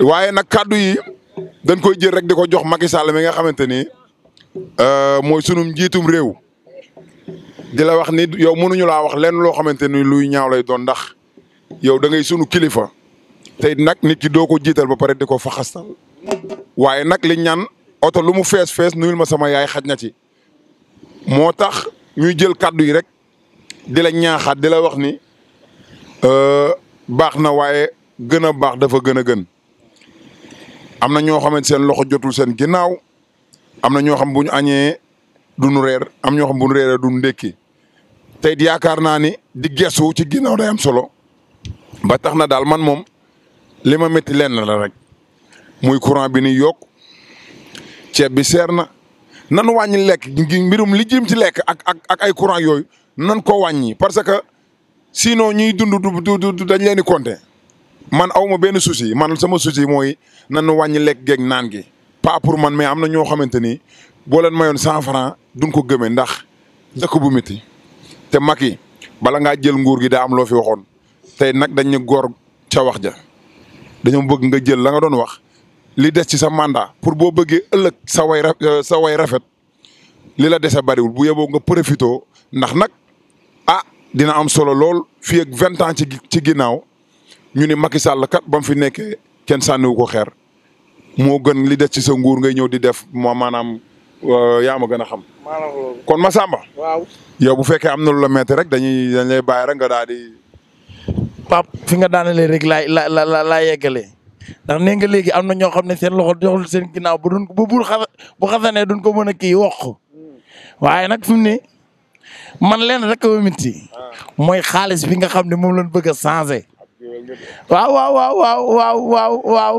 waye nak kàddu yi dañ koy jël rek diko ko jox Macky Sall mi nga xamanteni euh moy sunum jitum rew dila wax ni yow mënuñu la wax lenn lo xamanteni luy ñaaw lay doon ndax yow da ngay sunu kilifa tay nak nit ki doko ko ba pare diko ko faxastal waye nak li ñaan auto lu mu fess fess nuyul ma sama yaay xajna ci motax ñuy jël kàddu yi rek dila la dila wax ni euh baxna waye gëna bax dafa gëna am na ñoo xamante seen loxo jotul seen ginnaaw am na ñoo xam bu ñu añee dunu reer am ñoo xam bu ñu reeree duñu tey te it yaakaar naa ni di gesu ci ginnaaw day am solo ba tax na daal man moom li ma métti lenn la rek muy courant bi ni yokk ceeb bi seer na nan wàññi lekk mbirum li jëm ci lekk ak ak ay courant yooyu nan ko wàññi parce que sinon ñiy dund du dañ leen di compter man aw ma benn souci man sama souci mooy nan wàññi lekk geeg naan gi. pas pour man mais am na ñoo xamante ni boo leen mayoon cent franc duñ ko gëmee ndax dëkk bu métti te mag yi bala ngaa jël nguur gi daa am loo fi waxoon tey nag dañ ñu góor ca wax ja dañoo bëgg nga jël la nga doon wax li des ci sa mandat pour boo bëggee ëllëg sa way euh, sa rafet li la dese bariwul bu yeboo nga profité ndax nag ah dina am solo lool fii ak vingt ans ci ci ginnaaw. ñu ne Macky Sall kat ba mu fi nekkee kenn sànniwu ko xeer moo gën li des ci sa nguur ngay ñëw di def moo maanaam euh, yaam ma gën a xam. kon Massamba. waaw yow bu fekkee am na lu la métti rek dañuy dañ rek nga daal di. Pape fi nga daanalee rek laay la la la laa yeggalee ndax nee nga léegi am na ñoo xam ne seen loxo joxul seen ginnaaw bu doon bu bu xasa bu xasanee duñ ko mën a kii wax waaye nag fi mu ne man leen rek a métti ah. mooy xaalis bi nga xam ne moom lañ bëgg a changé. Wow wow wow wow wow wow wow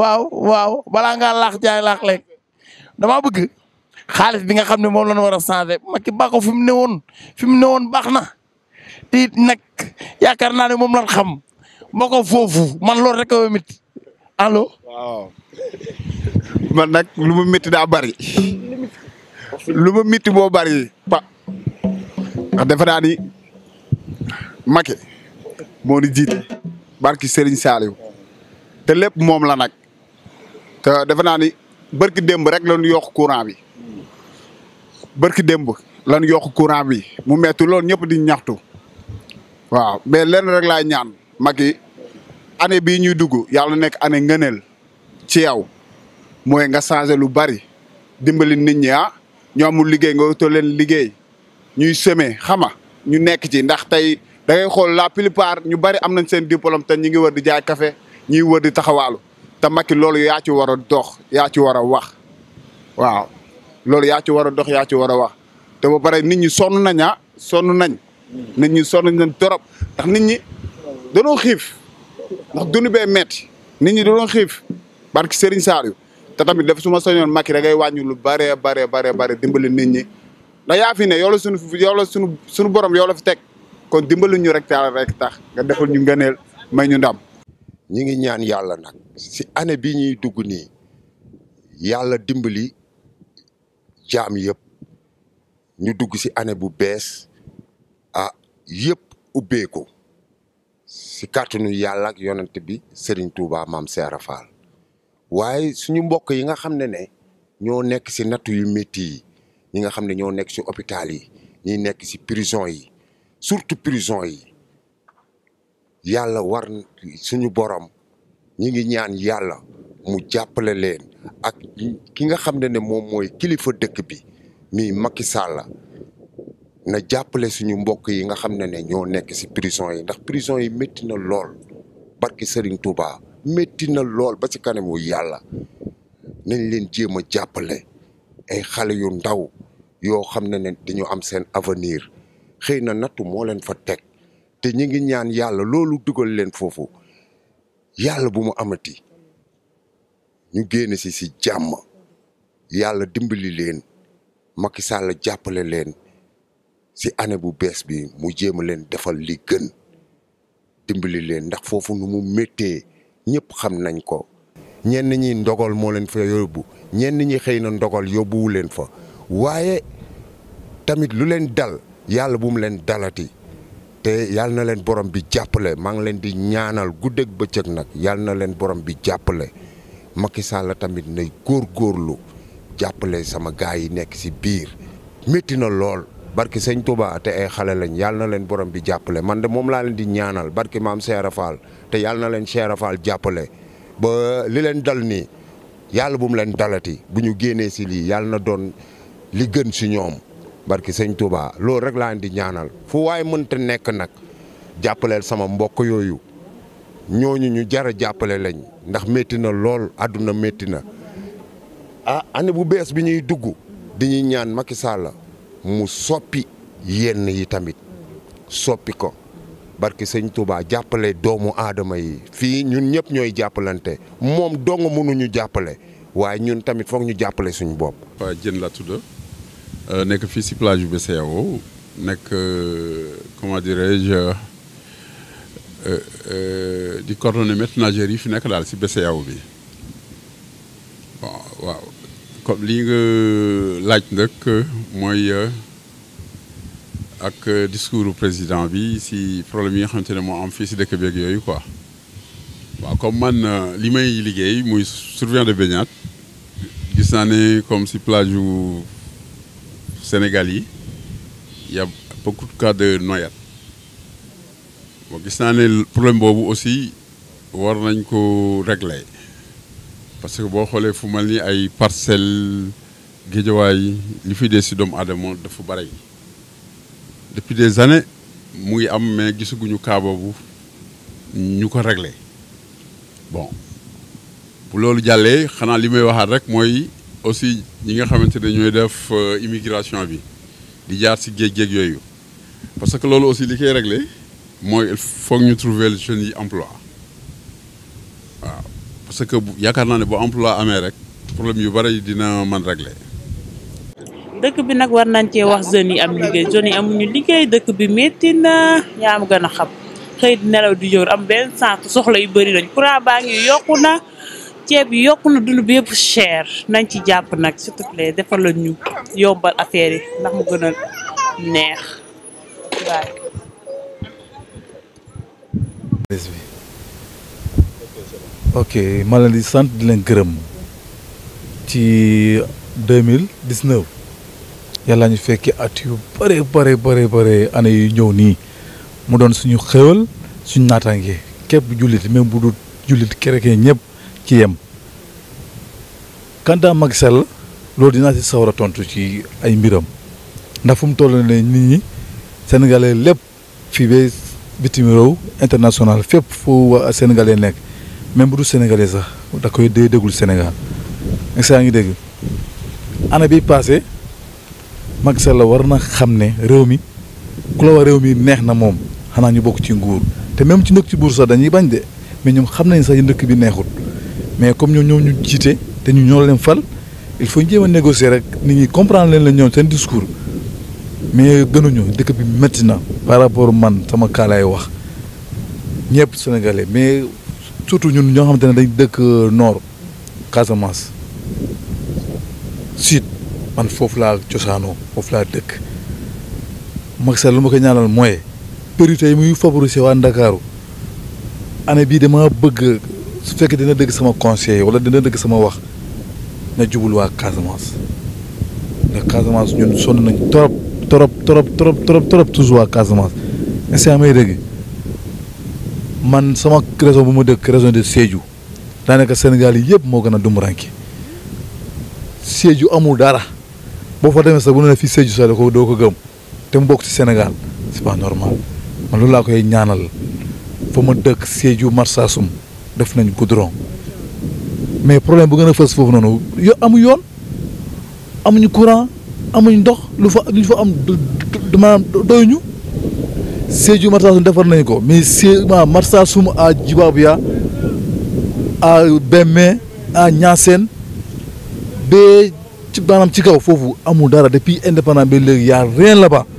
wow wow balanga laax jay laax lek dama bëgg di bi nga xamne mom moom la ñu war bakna, di Macky ba ko fi mu ne woon fi mu na te it nag ne lañ xam mako fofu man lool rek mit allo. waaw man nak lu mu métti bari lu mu bari ba ni mo ni barki serigne saliw te lepp mom la nak te def ni barki demb rek lañu yok courant bi barki demb lañu yok courant bi mu metti lool ñepp di ñaxtu waaw mais len rek la ñaan maki ane bi ñuy dugg yalla nek ane ngeenel ci yaw moy nga changer lu bari dimbali nit ñi ha ah. ñoo amul nga to len liggey ñuy semé xama ñu nek ci ndax tay da ngay xol la plupart ñu bari am nañ seen diplôme te ñi ngi wër di jaay café ñi wër di taxawalu te loli loolu ya ci wara dox ya ci wara wax waaw loolu ya ci wara dox ya ci wara wax te ba bari nit ñi sonu nañ ah sonn nañ nit ñi sonu nañ torop ndax nit ñi danoo xif ndax dund be metti nit ñi xif barki Serigne te tamit def suma soñon da ngay wañu lu bare bare bare bare dimbali nit ñi da ya fi ne yow la sunu yow la sunu sunu borom yow la fi tek kon dimbalu ñu rek taal rek tax nga deful ñu ngëneel may ñu ndam ñi ngi ñaan yalla nak si ane bi ñi dugg ni yalla dimbali jaam yeb ñu dugg si ane bu yeb ah ko ubeko. si ñu yalla ak yonent bi Serigne Touba mam serafal waye suñu mbokk yi nga xamne ne ñoo nekk si nattu yu metti yi nga xamne ñoo nekk si hôpital yi ñi nekk si prison yi surtout prison yi yàlla war suñu borom ñi ngi ñaan yàlla mu jàppale leen ak ki nga xam ne ne moom mooy kilifa dëkk bi mi Macky sàlla na jàppale suñu mbokk yi nga xam ne ne ñoo nekk si prison yi ndax prison yi métti na lool barki Serigne Touba métti na lool ba si kanamu yàlla nañ leen jéem a jàppale ay xale yu ndaw yoo xam ne ne dañu am seen avenir xëy na nattu moo leen fa teg te ñu ngi ñaan yàlla loolu dugal leen foofu yàlla bu mu amati ñu génn si ci jàmm yàlla dimbali leen Macky Sall jàppale leen ci année bu bees bi mu jéem a leen defal li gën dimbali leen ndax foofu nu mu méttee ñëpp xam nañ ko. ñenn ñi ndogal moo leen fa yóbbu ñenn ñi xëy na ndogal yóbbuwu leen fa waaye tamit lu leen dal yàlla bu mu leen dalati te yàlla na leen borom bi jàppale maa ngi leen di ñaanal guddeeg bëccëg nag yàlla na leen borom bi jàppale Macky Sall tamit nay góorgóorlu jàppale sama gaay yi nekk si biir métti na lool barke sëñ Touba te ay xale lañ yàlla na leen borom bi jàppale man de moom laa leen di ñaanal barke maam Cheikh Fall te yàlla na leen Cheikh Fall jàppale ba li leen dal nii yàlla bu mu leen dalati bu ñu génnee si lii yàlla na doon li gën ci ñoom. barki sëñ Touba loolu rek laa di ñaanal fu waay mënta nekk nag jàppaleel sama mbokk yooyu ñooñu ñu jar jàppale lañ ndax métti na lool àdduna métti na ah année bu bees bi ñuy dugg diñuy ñaan Macky Sall mu soppi yenn yi tamit soppi ko barki sëñ Touba jàppale doomu aadama yi fii ñun ñëpp ñooy jàppalante moom dong mënuñu jàppale waaye ñun tamit foog ñu jàppale suñu bopp. waaw jën laa Euh, nek fi ci plage bu BCEAO nek euh, comment dirais-je euh, di coordonné maître nageur yi fi nek dal ci BCAO bi bon waaw comme li nga laaj nag moy ak discours président bi si problème yi nga xamante ne moo am fii si dëkk beeg yooyu quoi waaw comme man limay may liggéey muy surveillant de baignade gis naa ne comme si plage yu Sénégal yi y' a beaucoup de cas de noyade bon gis naa ne problème boobu aussi war nañ ko régler parce que boo xoolee fu mel ni ay parcelles géejawaay li fi dee si doomu aadama dafa bare depuis des années mu ngi am mais gisaguñu cas boobu ñu ko régler bon bu loolu jàllee xanaa li may waxaat rek mooy. aussi ñi nga xamante ne ñooy def euh, immigration bi di jaar ci géej géej yooyu parce que loolu aussi li koy régler mooy foog ñu trouver les yi emploi waaw parce que yaakaar naa ne bu emploi amee rek problème yu bari dina mën régler. dëkk bi nag war nañ cee wax jeunes yi am liggéey jeunes yi amuñu liggéey dëkk bi métti na yaa am gën a xam xëy nelaw di jóor am benn sant soxla yu bëri lañ courant baa ngi yokku na. ceeb yi yokk na dund bi yëpp cher nañ ci jàpp nag s'il defal la ñu yombal affaire yi ndax mu gën neex waaye. ok ma sant di gërëm ci deux mille dix neuf yàlla ñu fekki at yu bare bare bare bare année yu ñëw nii mu doon suñu xéwal suñu nataangee képp jullit même bu dul jullit kerekee ñëpp. ci yem kandaa Macky Sall loolu dinaa ci sawar a tontu ci ay mbiram ndax fu mu toll ne nit ñi sénégalais lépp fii ba bitim réew international fépp foo sénégalais nekk même bu dul sénégalais sax da koy day déglu Sénégal est ngi dégg année bi passé Macky Sall war na xam ne réew mi ku la wax réew mi neex na moom xanaa ñu bokk ci nguur te même ci ndëkk ci buur sax dañuy bañ de mais ñoom xam nañ sax yu ndëkk bi neexut mais comme ñoom ñoo ñu jiite te ñu ñoo leen fal il faut ñu jéem a négocier rek nit ñi comprendre leen la ñoom seen discours mais gënuñu dëkk bi metti na par rapport man sama kaalaay wax ñëpp sénégalais mais surtout ñun ñoo xamante ne dañ dëkk nord Casamance sud man foofu laa cosaanoo foofu laa dëkk Macky lu ma ko ñaanal mooy priorité yi muy favoriser waa Ndakaaru année bii dama bëgg su fekkee dina dëgg sama conseil wala dina dëgg sama wax na jubul waa Casamance ndax Casamance ñun sonn nañ trop trop trop trop trop trop toujours waa Casamance instant may dëgg man sama région bu ma dëkk région de Sédhiou daanaka Sénégal yi yëpp moo gën a dumburanke Sédhiou amul dara boo fa demee sax bu ne la fii Sédhiou sax ko doo ko gëm te mu bokk ci Sénégal c'est pas normal man loolu laa koy ñaanal fa ma dëkk Sédhiou Marsassoum def nañ goudron mais problème bu gën a fës foofu yo amu courant amuñu ndox lu fa am du maanaam defar nañ ko mais marsa à à bemme à ci ci kaw dara depuis indépendant y a rien là-bas